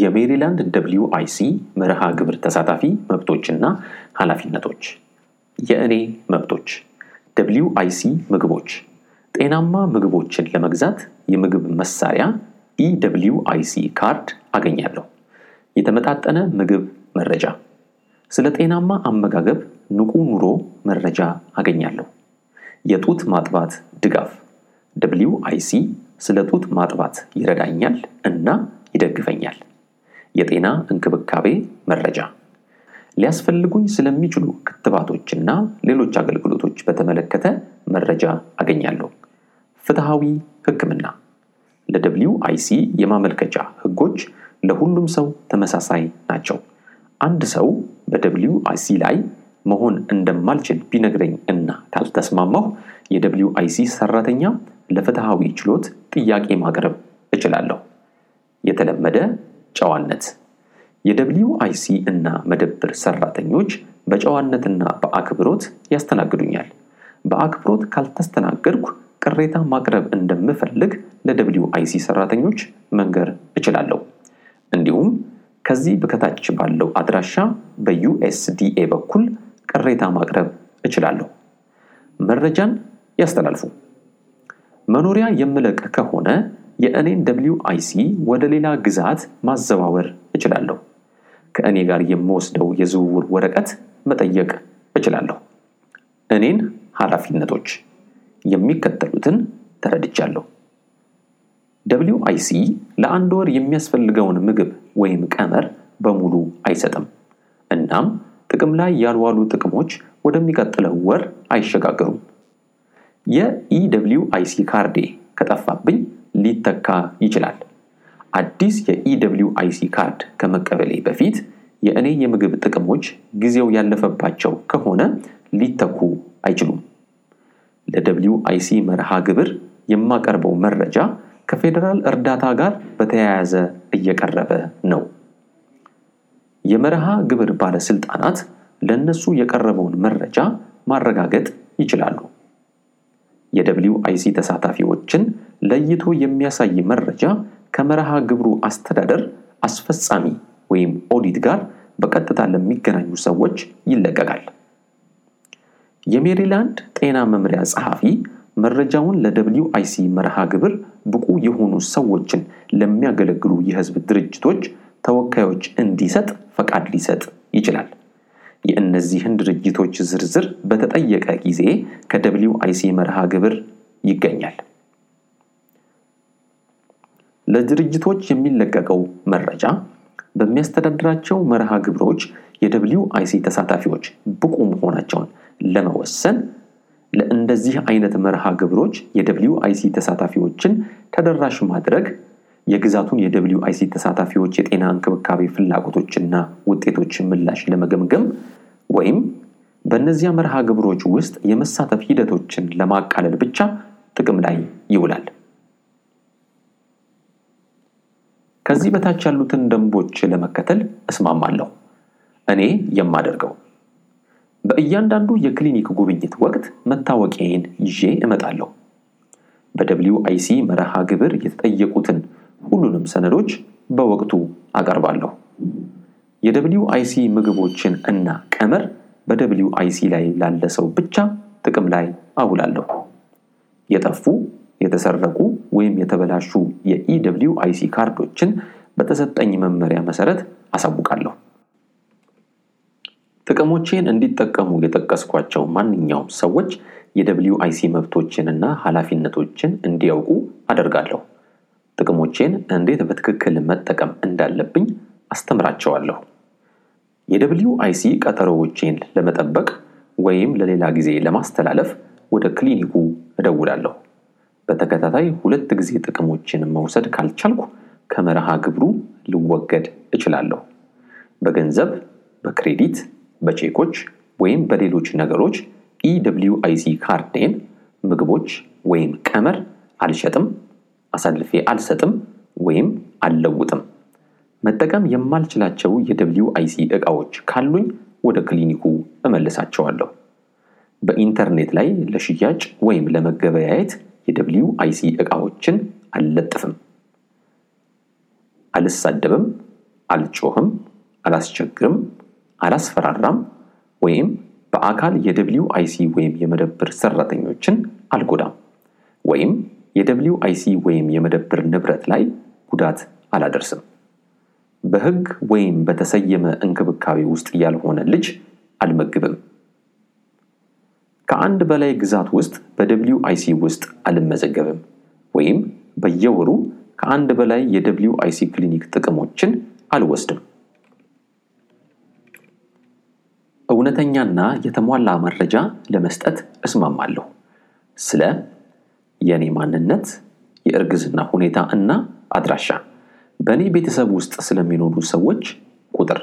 የሜሪላንድ ደብልዩ አይሲ መርሃ ግብር ተሳታፊ መብቶችና ኃላፊነቶች የእኔ መብቶች ደብልዩ አይሲ ምግቦች ጤናማ ምግቦችን ለመግዛት የምግብ መሳሪያ ኢደብልዩ አይሲ ካርድ አገኛለሁ። የተመጣጠነ ምግብ መረጃ፣ ስለ ጤናማ አመጋገብ ንቁ ኑሮ መረጃ አገኛለሁ። የጡት ማጥባት ድጋፍ ደብልዩ አይሲ ስለ ጡት ማጥባት ይረዳኛል እና ይደግፈኛል። የጤና እንክብካቤ መረጃ፣ ሊያስፈልጉኝ ስለሚችሉ ክትባቶችና ሌሎች አገልግሎቶች በተመለከተ መረጃ አገኛለሁ። ፍትሐዊ ህክምና ለደብሊው አይሲ የማመልከቻ ህጎች ለሁሉም ሰው ተመሳሳይ ናቸው። አንድ ሰው በደብሊው አይሲ ላይ መሆን እንደማልችል ቢነግረኝ እና ካልተስማማሁ የደብሊው አይሲ ሰራተኛ ለፍትሐዊ ችሎት ጥያቄ ማቅረብ እችላለሁ። የተለመደ ጨዋነት የደብሊዩ አይሲ እና መደብር ሰራተኞች በጨዋነትና በአክብሮት ያስተናግዱኛል። በአክብሮት ካልተስተናገድኩ ቅሬታ ማቅረብ እንደምፈልግ ለደብሊዩ አይሲ ሰራተኞች መንገር እችላለሁ። እንዲሁም ከዚህ በከታች ባለው አድራሻ በዩኤስዲኤ በኩል ቅሬታ ማቅረብ እችላለሁ። መረጃን ያስተላልፉ። መኖሪያ የምለቅ ከሆነ የእኔን ደብሊው አይሲ ወደ ሌላ ግዛት ማዘዋወር እችላለሁ። ከእኔ ጋር የምወስደው የዝውውር ወረቀት መጠየቅ እችላለሁ። እኔን ኃላፊነቶች የሚከተሉትን ተረድቻለሁ። ደብሊው አይሲ ለአንድ ወር የሚያስፈልገውን ምግብ ወይም ቀመር በሙሉ አይሰጥም። እናም ጥቅም ላይ ያልዋሉ ጥቅሞች ወደሚቀጥለው ወር አይሸጋገሩም። የኢደብሊው አይሲ ካርዴ ከጠፋብኝ ሊተካ ይችላል። አዲስ የኢwይሲ ካርድ ከመቀበሌ በፊት የእኔ የምግብ ጥቅሞች ጊዜው ያለፈባቸው ከሆነ ሊተኩ አይችሉም። ለደብሊው መርሃ ግብር የማቀርበው መረጃ ከፌዴራል እርዳታ ጋር በተያያዘ እየቀረበ ነው። የመርሃ ግብር ባለስልጣናት ለእነሱ የቀረበውን መረጃ ማረጋገጥ ይችላሉ። የደብሊው አይሲ ተሳታፊዎችን ለይቶ የሚያሳይ መረጃ ከመርሃ ግብሩ አስተዳደር አስፈጻሚ ወይም ኦዲት ጋር በቀጥታ ለሚገናኙ ሰዎች ይለቀቃል። የሜሪላንድ ጤና መምሪያ ጸሐፊ መረጃውን ለደብሊው አይሲ መርሃ ግብር ብቁ የሆኑ ሰዎችን ለሚያገለግሉ የህዝብ ድርጅቶች ተወካዮች እንዲሰጥ ፈቃድ ሊሰጥ ይችላል። የእነዚህን ድርጅቶች ዝርዝር በተጠየቀ ጊዜ ከደብሊው አይሲ መርሃ ግብር ይገኛል። ለድርጅቶች የሚለቀቀው መረጃ በሚያስተዳድራቸው መርሃ ግብሮች የደብሊው አይሲ ተሳታፊዎች ብቁ መሆናቸውን ለመወሰን ለእንደዚህ አይነት መርሃ ግብሮች የደብሊው አይሲ ተሳታፊዎችን ተደራሽ ማድረግ የግዛቱን የደብሊው አይሲ ተሳታፊዎች የጤና እንክብካቤ ፍላጎቶችና ውጤቶች ምላሽ ለመገምገም ወይም በእነዚያ መርሃ ግብሮች ውስጥ የመሳተፍ ሂደቶችን ለማቃለል ብቻ ጥቅም ላይ ይውላል። ከዚህ በታች ያሉትን ደንቦች ለመከተል እስማማለሁ። እኔ የማደርገው በእያንዳንዱ የክሊኒክ ጉብኝት ወቅት መታወቂያዬን ይዤ እመጣለሁ። በደብሊው አይሲ መርሃ ግብር የተጠየቁትን ሁሉንም ሰነዶች በወቅቱ አቀርባለሁ። የደብሊው አይሲ ምግቦችን እና ቀመር በደብሊው አይሲ ላይ ላለ ሰው ብቻ ጥቅም ላይ አውላለሁ። የጠፉ የተሰረቁ ወይም የተበላሹ የኢደብሊው አይሲ ካርዶችን በተሰጠኝ መመሪያ መሰረት አሳውቃለሁ። ጥቅሞቼን እንዲጠቀሙ የጠቀስኳቸው ማንኛውም ሰዎች የደብሊው አይሲ እና ኃላፊነቶችን እንዲያውቁ አደርጋለሁ። ጥቅሞቼን እንዴት በትክክል መጠቀም እንዳለብኝ አስተምራቸዋለሁ። የደብሊው አይሲ ቀጠሮዎቼን ለመጠበቅ ወይም ለሌላ ጊዜ ለማስተላለፍ ወደ ክሊኒኩ እደውላለሁ። በተከታታይ ሁለት ጊዜ ጥቅሞችን መውሰድ ካልቻልኩ ከመርሃ ግብሩ ልወገድ እችላለሁ። በገንዘብ፣ በክሬዲት፣ በቼኮች ወይም በሌሎች ነገሮች ኢደብሊውአይሲ ካርዴን ምግቦች ወይም ቀመር አልሸጥም፣ አሳልፌ አልሰጥም ወይም አልለውጥም። መጠቀም የማልችላቸው የደብሊውአይሲ እቃዎች ካሉኝ ወደ ክሊኒኩ እመልሳቸዋለሁ። በኢንተርኔት ላይ ለሽያጭ ወይም ለመገበያየት የደብሊው አይሲ እቃዎችን አልለጥፍም፣ አልሳደብም፣ አልጮህም፣ አላስቸግርም፣ አላስፈራራም ወይም በአካል የደብሊው አይሲ ወይም የመደብር ሰራተኞችን አልጎዳም ወይም የደብሊው አይሲ ወይም የመደብር ንብረት ላይ ጉዳት አላደርስም። በህግ ወይም በተሰየመ እንክብካቤ ውስጥ ያልሆነ ልጅ አልመግብም። ከአንድ በላይ ግዛት ውስጥ በደብሊው አይሲ ውስጥ አልመዘገብም ወይም በየወሩ ከአንድ በላይ የደብሊው አይሲ ክሊኒክ ጥቅሞችን አልወስድም። እውነተኛና የተሟላ መረጃ ለመስጠት እስማማለሁ ስለ የእኔ ማንነት፣ የእርግዝና ሁኔታ እና አድራሻ፣ በእኔ ቤተሰብ ውስጥ ስለሚኖሩ ሰዎች ቁጥር፣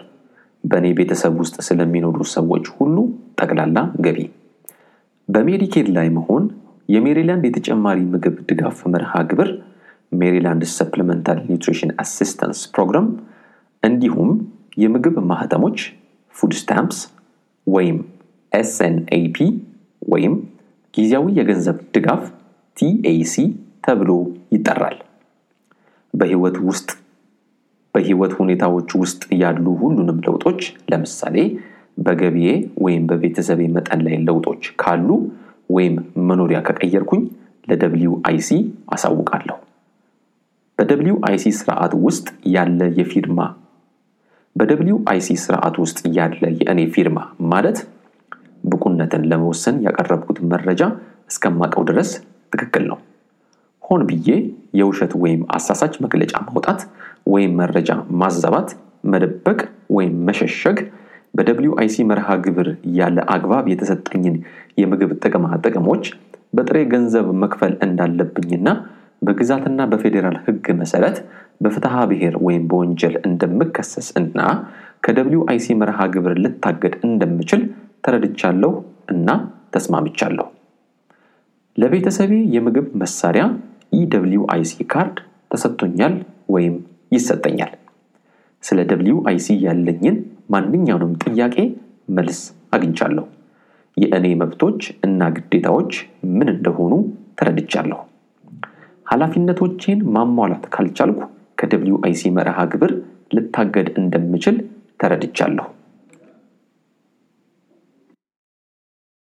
በእኔ ቤተሰብ ውስጥ ስለሚኖሩ ሰዎች ሁሉ ጠቅላላ ገቢ በሜዲኬድ ላይ መሆን የሜሪላንድ የተጨማሪ ምግብ ድጋፍ መርሃ ግብር ሜሪላንድ ሰፕሊመንታል ኒትሪሽን አሲስተንስ ፕሮግራም እንዲሁም የምግብ ማህተሞች ፉድ ስታምፕስ ወይም ኤስንኤፒ ወይም ጊዜያዊ የገንዘብ ድጋፍ ቲኤሲ ተብሎ ይጠራል። በህይወት ውስጥ በህይወት ሁኔታዎች ውስጥ ያሉ ሁሉንም ለውጦች ለምሳሌ በገቢዬ ወይም በቤተሰቤ መጠን ላይ ለውጦች ካሉ ወይም መኖሪያ ከቀየርኩኝ ለደብሊው አይሲ አሳውቃለሁ። በደብሊው አይሲ ስርዓት ውስጥ ያለ የፊርማ በደብሊው አይሲ ስርዓት ውስጥ ያለ የእኔ ፊርማ ማለት ብቁነትን ለመወሰን ያቀረብኩት መረጃ እስከማቀው ድረስ ትክክል ነው። ሆን ብዬ የውሸት ወይም አሳሳች መግለጫ ማውጣት ወይም መረጃ ማዛባት፣ መደበቅ ወይም መሸሸግ በደብሊው አይሲ መርሃ ግብር ያለ አግባብ የተሰጠኝን የምግብ ጥቅማ ጥቅሞች በጥሬ ገንዘብ መክፈል እንዳለብኝና በግዛትና በፌዴራል ህግ መሰረት በፍትሃ ብሔር ወይም በወንጀል እንደምከሰስ እና ከደብሊው አይሲ መርሃ ግብር ልታገድ እንደምችል ተረድቻለሁ እና ተስማምቻለሁ። ለቤተሰቤ የምግብ መሳሪያ ኢደብሊው ካርድ ተሰጥቶኛል ወይም ይሰጠኛል። ስለ ደብሊው አይሲ ያለኝን ማንኛውንም ጥያቄ መልስ አግኝቻለሁ። የእኔ መብቶች እና ግዴታዎች ምን እንደሆኑ ተረድቻለሁ። ኃላፊነቶቼን ማሟላት ካልቻልኩ ከደብሊው አይሲ መርሃ ግብር ልታገድ እንደምችል ተረድቻለሁ።